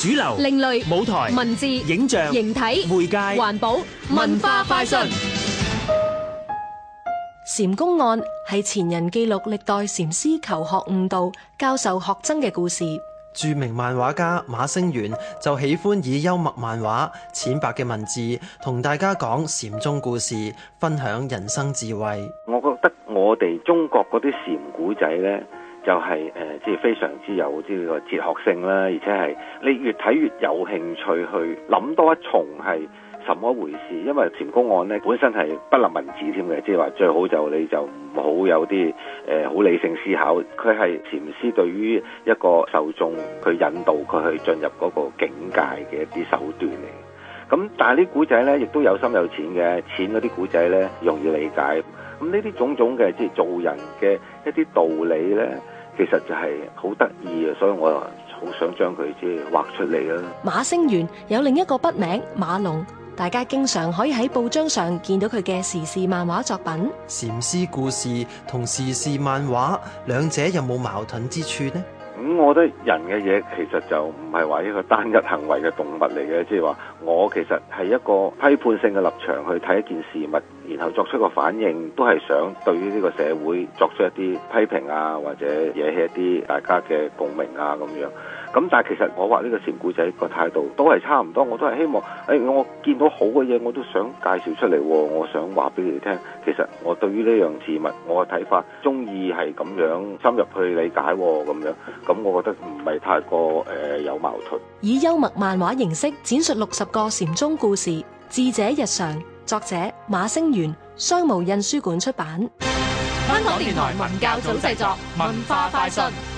主流、另類、舞台、文字、影像、形體、媒介、環保、文化快訊。禪公案係前人記錄歷代禪師求學悟道、教授學僧嘅故事。著名漫畫家馬星遠就喜歡以幽默漫畫、淺白嘅文字同大家講禪宗故事，分享人生智慧。我覺得我哋中國嗰啲禪古仔呢。又係誒，即係非常之有呢個哲學性啦，而且係你越睇越有興趣去諗多一重係什麼回事。因為禪公案咧本身係不立文字添嘅，即係話最好就你就唔好有啲誒好理性思考。佢係禪師對於一個受眾，佢引導佢去進入嗰個境界嘅一啲手段嚟。咁但係啲古仔咧，亦都有深有淺嘅，淺嗰啲古仔咧，容易理解。咁呢啲種種嘅即係做人嘅一啲道理咧。其實就係好得意啊，所以我好想將佢即係畫出嚟啦。馬星原有另一個筆名馬龍，大家經常可以喺報章上見到佢嘅時事漫畫作品。禪師故事同時事漫畫兩者有冇矛盾之處呢？咁我覺得人嘅嘢其實就唔係話一個單一行為嘅動物嚟嘅，即係話我其實係一個批判性嘅立場去睇一件事物，然後作出個反應，都係想對於呢個社會作出一啲批評啊，或者惹起一啲大家嘅共鳴啊咁樣。咁但係其實我話呢個禪故仔個態度都係差唔多，我都係希望，誒、哎、我見到好嘅嘢我都想介紹出嚟、啊，我想話俾你哋聽，其實我對於呢樣事物我嘅睇法，中意係咁樣深入去理解咁、啊、樣。咁，我覺得唔係太過誒有矛盾。以幽默漫畫形式展述六十個禪宗故事，《智者日常》，作者馬星源，商務印書館出版。香港電台文教組製作，文化快訊。